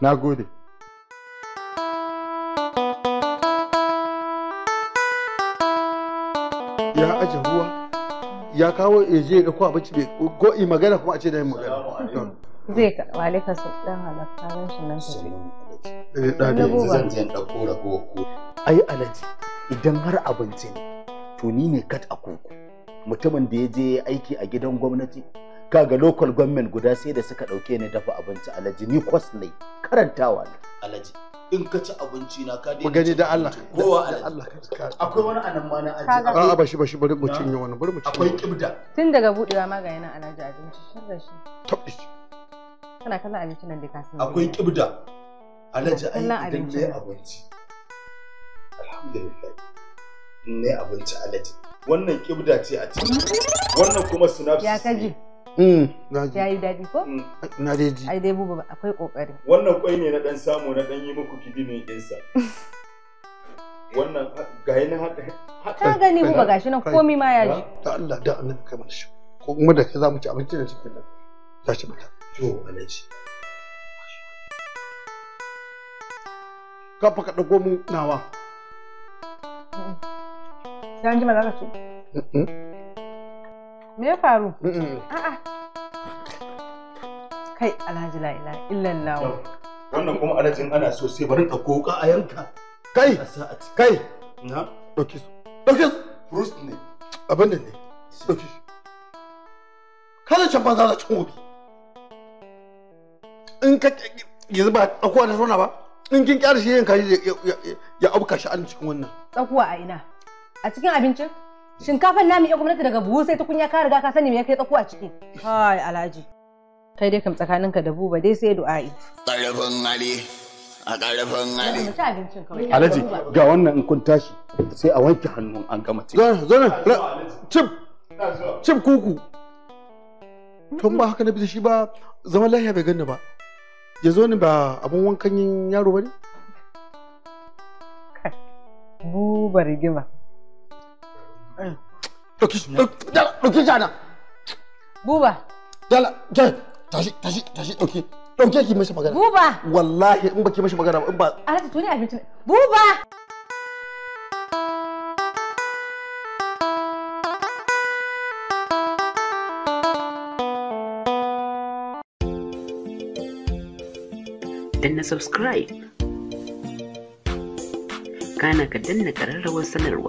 na gode ya aje ruwa ya kawo eje je kuma abinci bai ko magana kuma a ce da yin magana zai ka ne ka dan halatta ran shi nan su eh da yanzu zan je dauko rago ko ai alaji idan har abinci ne to ni ne kat a koko mutumin da ya je aiki a gidan gwamnati kaga local government guda sai da suka dauke ni dafa abinci alaji ni kwas ne karantawa ne alaji in ka ci abinci na ka daina gani da Allah kowa Allah akwai wani anan ma na aji a'a ba shi ba shi bari mu cinye wani bari mu cinye akwai kibda tun daga budewa ma ga yana alaji abinci sharra shi tabbi kana kana abinci nan da ka san akwai kibda alaji ai idan ne abinci alhamdulillah ne abinci alaji wannan kibda ce a ciki wannan kuma sunafsi ya kaji Mm. Ya yi daɗi ko? Mm. Na daji. Ai dai bubu akwai ƙoƙari. Wannan ƙwai ne na ɗan samu na ɗan yi muku kidimin ɗinsa. Wannan ga yi na haɗa. Ta gani buba gashi nan komi ma ya ji. Ta Allah da Allah ka mana shi. Ko kuma da za mu ci abinci da cikin nan. Tashi mata. Yo alaji. Ka fa ka ɗago mu nawa. Sai ji ma za ka ci. me ya faru a'a kai alhaji la ila illallah wannan kuma alhajin ana so sai bari ɗauko koka a yanka kai kai na ɗauke su ɗauke su fruit ne abin da ne ɗauke kada can banza da cin gobe in ka yanzu ba ɗauko da tona ba in kin kyara shi yanka ya abuka shi an cikin wannan ɗauko a ina a cikin abincin shinkafan nami ya gwamnati daga buhu sai tukunya ka riga ka sani me ya kai tsako a ciki kai alhaji kai dai kam tsakaninka da buba dai sai du'a'i ƙarfin Ali. a ƙarfin Ali. alhaji ga wannan in kun tashi sai a wanke hannu an gama ci zo zo cip cip kuku tun ba haka na bi shi ba zaman lafiya bai ganni ba ya zo ni ba abun wankan yin yaro ba ne Bubar rigima Ɗauki shi dala ɗauki Buba. Dala ke tashi tashi tashi ɗauki. Ɗauke ki mishi magana. Buba. Wallahi in k'i mishi magana in ba. Alhaji to ni abinci. Buba. danna subscribe kana ka danna ƙararrawar sanarwa